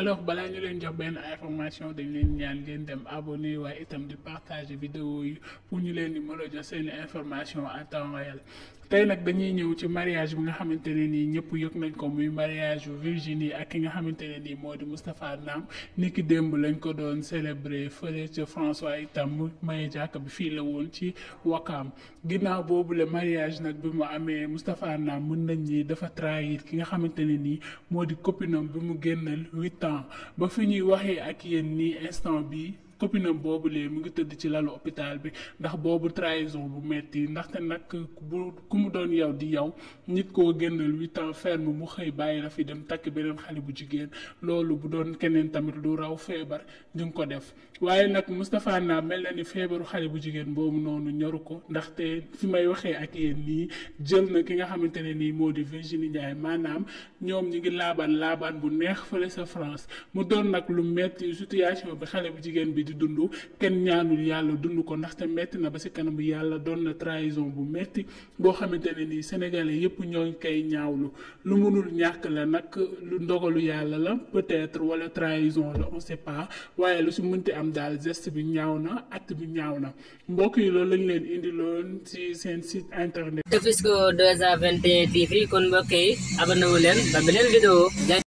alors balaa ñu leen jox benn information dañ leen ñaan ngeen dem abonné waaye itam di partager vidéo yi pour ñu leen di mën a jox seen information à temps réel tey nag dañuy ñëw ci mariage bi nga xamante ni nii ñëpp yëg nañ ko muy mariage bu Virginie ak ki nga xamante ne nii moo di Moustapha Nam ki démb lañ ko doon célébré fële ca François itam maye jàkk bi fii la woon ci wakam ginnaaw boobu le mariage nag bi mu amee Moustapha Nam mën nañ ni dafa trahir ki nga xamante ne nii moo di copinam bi mu génn huit ans ba fi ñuy waxee ak yéen nii instant bi copine am boobu lee mu ngi tëdd ci lalu hôpital bi ndax boobu trahison bu metti ndaxte nag bu ku mu doon yow di yow nit koo génnal huit ans ferme mu xëy bàyyi la fi dem takk beneen xale bu jigéen loolu bu doon keneen tamit lu raw feebar di nga ko def waaye nag Moustapha naa mel na ni feebaru xale bu jigéen boobu noonu ñoru ko ndaxte fi may waxee ak yéen nii jël na ki nga xamante ne nii moo di Virginie Ndiaye maanaam ñoom ñu ngi laabaan laabaan bu neex fële sa France mu doon nag lu metti situation bi xale bu jigéen bi di dund kenn ñaanul yàlla dund ko ndaxte metti na ba si kanamu yàlla doon na trahison bu metti boo xamante ne nii sénégalais yëpp ñoo ngi koy ñaawlu lu mënul ñàkk la nag lu ndogalu yàlla la peut-être wala trahison la on sait pas waaye lu si mënti am daal gest bi ñaaw na acte bi ñaaw na mbokk yi loolu lañ leen indi loon ci seen site internet. Rufisque 221 TV kon mbokk yi abonné wu leen ba